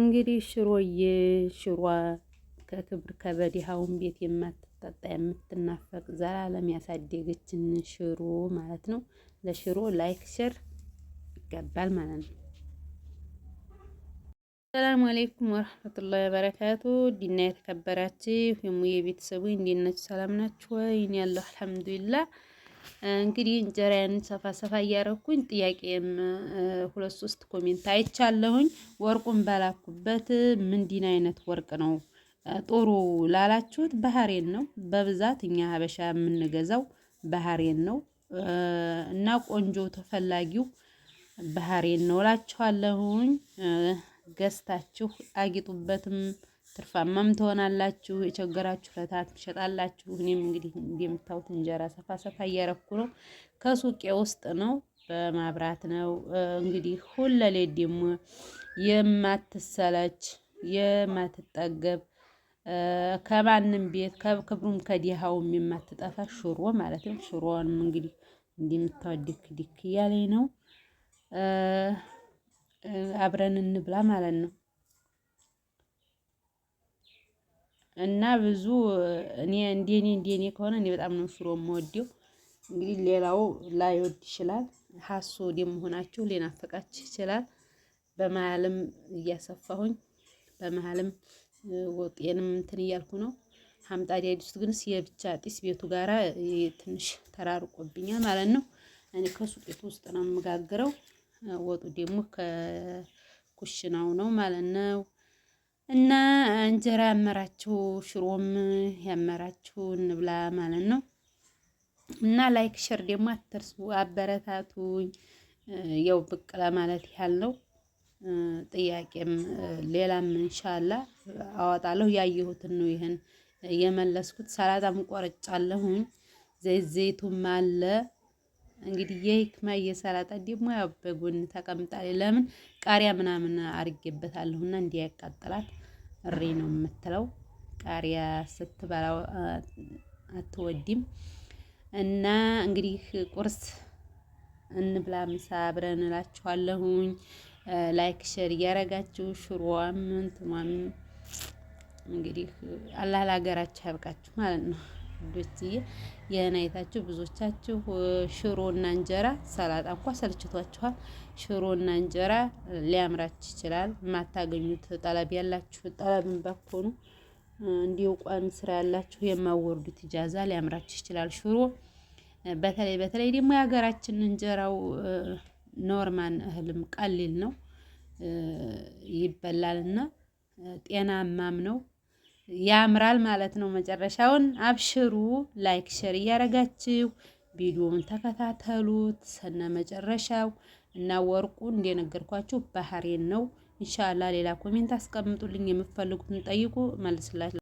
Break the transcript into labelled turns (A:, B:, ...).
A: እንግዲህ ሽሮዬ ሽሯ ከክብር ከበዲሃውን ቤት የማትጠጣ የምትናፈቅ ዘላለም ያሳደገችን ሽሮ ማለት ነው። ለሽሮ ላይክ ሸር ይገባል ማለት ነው። ሰላም አሌይኩም ወረህመቱላሂ ወበረካቱ ዲና የተከበራችሁ የሙዬ ቤተሰቡ እንዴት ናችሁ? ሰላም ናችሁ ወይ? እኔ ያለሁ አልሐምዱሊላህ እንግዲህ እንጀራዬን ሰፋ ሰፋ እያረኩኝ ጥያቄም ሁለት ሶስት ኮሜንት አይቻለሁኝ። ወርቁን ባላኩበት ምንድን አይነት ወርቅ ነው ጥሩ ላላችሁት ባህሬን ነው። በብዛት እኛ ሀበሻ የምንገዛው ባህሬን ነው እና ቆንጆ ተፈላጊው ባህሬን ነው እላችኋለሁኝ። ገዝታችሁ አጊጡበትም ትርፋማም ትሆናላችሁ። የቸገራችሁ ለታት ትሸጣላችሁ። እኔም እንግዲህ እንደምታዩት እንጀራ ሰፋ ሰፋ እያረኩ ነው። ከሱቄ ውስጥ ነው በማብራት ነው እንግዲህ ሁለሌ ደግሞ የማትሰለች የማትጠገብ ከማንም ቤት ከክብሩም ከዲሃውም የማትጠፋ ሽሮ ማለት ነው። ሽሮንም እንግዲህ እንደምታዩት ዲክ ዲክ እያለኝ ነው። አብረን እንብላ ማለት ነው። እና ብዙ እኔ እንደኔ እንደኔ ከሆነ እኔ በጣም ነው ሽሮ የምወደው። እንግዲህ ሌላው ላይወድ ይችላል። ሀሶ ደመሆናችሁ ሊናፍቃችሁ ይችላል። በመሀልም እያሰፋሁኝ በመሀልም ወጤንም እንትን እያልኩ ነው። ሀምጣድ ያዲሱት ግን የብቻ ጢስ ቤቱ ጋራ ትንሽ ተራርቆብኛል ማለት ነው። እኔ ከሱቄቱ ውስጥ ነው የምጋግረው። ወጡ ደግሞ ከኩሽናው ነው ማለት ነው። እና እንጀራ ያመራችሁ ሽሮም ያመራችሁ እንብላ ማለት ነው። እና ላይክ ሸር ደግሞ አትርሱ፣ አበረታቱኝ። ያው ብቅ ለማለት ያህል ነው። ጥያቄም ሌላም እንሻላ አወጣለሁ። ያየሁትን ነው ይህን የመለስኩት። ሰላጣም ቆርጫለሁኝ። ዘይት ዘይቱም አለ እንግዲህ የሂክማ እየሰራጣ ደግሞ ያው በጎን ተቀምጣል። ለምን ቃሪያ ምናምን አርጌበታለሁና እንዲያቃጥላት እሬ ነው የምትለው። ቃሪያ ስትበላው አትወዲም። እና እንግዲህ ቁርስ እንብላ፣ ምሳ አብረን እላችኋለሁኝ። ላይክ ሸር እያረጋችሁ ሽሮዋም እንትኗም እንግዲህ አላህ ለሀገራችሁ ያብቃችሁ ማለት ነው። ውዶችዬ የናይታችሁ ብዙዎቻችሁ ሽሮና እንጀራ ሰላጣ እንኳ ሰልችቷችኋል። ሽሮና እንጀራ ሊያምራች ይችላል። የማታገኙት ጠለብ ያላችሁ ጠለብን በኮኑ እንዲሁ ቋሚ ስራ ያላችሁ የማወርዱት ኢጃዛ ሊያምራች ይችላል። ሽሮ በተለይ በተለይ ደግሞ የሀገራችን እንጀራው ኖርማን እህልም ቀሊል ነው ይበላልና ጤናማም ነው። ያምራል ማለት ነው። መጨረሻውን አብሽሩ፣ ላይክ ሼር እያረጋችሁ ቪዲዮውን ተከታተሉት ሰነ መጨረሻው እና ወርቁ እንደነገርኳችሁ ባህሬን ነው። ኢንሻአላህ ሌላ ኮሜንት አስቀምጡልኝ፣ የምትፈልጉትን ጠይቁ መልስላችሁ